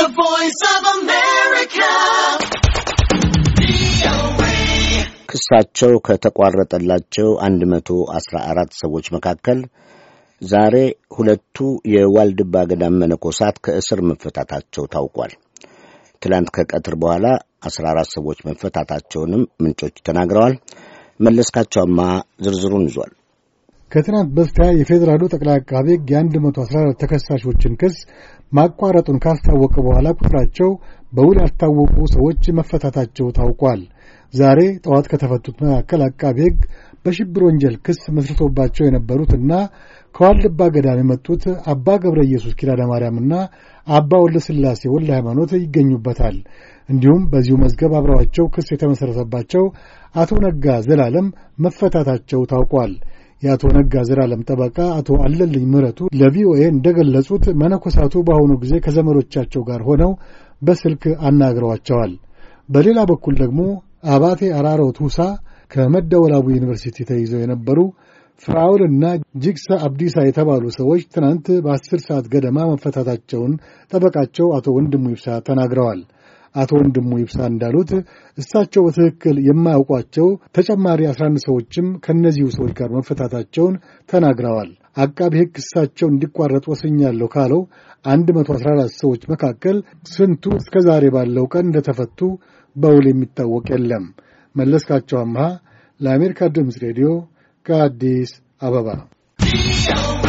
The Voice of America. ክሳቸው ከተቋረጠላቸው 114 ሰዎች መካከል ዛሬ ሁለቱ የዋልድባ ገዳም መነኮሳት ከእስር መፈታታቸው ታውቋል። ትላንት ከቀትር በኋላ 14 ሰዎች መፈታታቸውንም ምንጮች ተናግረዋል። መለስካቸውማ ዝርዝሩን ይዟል። ከትናንት በስቲያ የፌዴራሉ ጠቅላይ አቃቤ ሕግ አስራ አራት ተከሳሾችን ክስ ማቋረጡን ካስታወቀ በኋላ ቁጥራቸው በውል ያልታወቁ ሰዎች መፈታታቸው ታውቋል። ዛሬ ጠዋት ከተፈቱት መካከል አቃቤ ሕግ በሽብር ወንጀል ክስ መስርቶባቸው የነበሩትና ከዋልድባ ገዳም የመጡት አባ ገብረ ኢየሱስ ኪዳነ ማርያምና አባ ወልደ ሥላሴ ወልደ ሃይማኖት ይገኙበታል። እንዲሁም በዚሁ መዝገብ አብረዋቸው ክስ የተመሠረተባቸው አቶ ነጋ ዘላለም መፈታታቸው ታውቋል። የአቶ ነጋ ዘላለም ጠበቃ አቶ አለልኝ ምረቱ ለቪኦኤ እንደገለጹት መነኮሳቱ በአሁኑ ጊዜ ከዘመዶቻቸው ጋር ሆነው በስልክ አናግረዋቸዋል። በሌላ በኩል ደግሞ አባቴ አራሮ ቱሳ ከመደወላቡ ዩኒቨርሲቲ ተይዘው የነበሩ ፍራውልና ጅግሳ አብዲሳ የተባሉ ሰዎች ትናንት በአስር ሰዓት ገደማ መፈታታቸውን ጠበቃቸው አቶ ወንድሙ ይብሳ ተናግረዋል። አቶ ወንድሙ ይብሳ እንዳሉት እሳቸው በትክክል የማያውቋቸው ተጨማሪ 11 ሰዎችም ከእነዚሁ ሰዎች ጋር መፈታታቸውን ተናግረዋል። አቃቢ ሕግ እሳቸው እንዲቋረጥ ወስኛለሁ ካለው 114 ሰዎች መካከል ስንቱ እስከ ዛሬ ባለው ቀን እንደተፈቱ በውል የሚታወቅ የለም። መለስካቸው አምሃ ለአሜሪካ ድምፅ ሬዲዮ ከአዲስ አበባ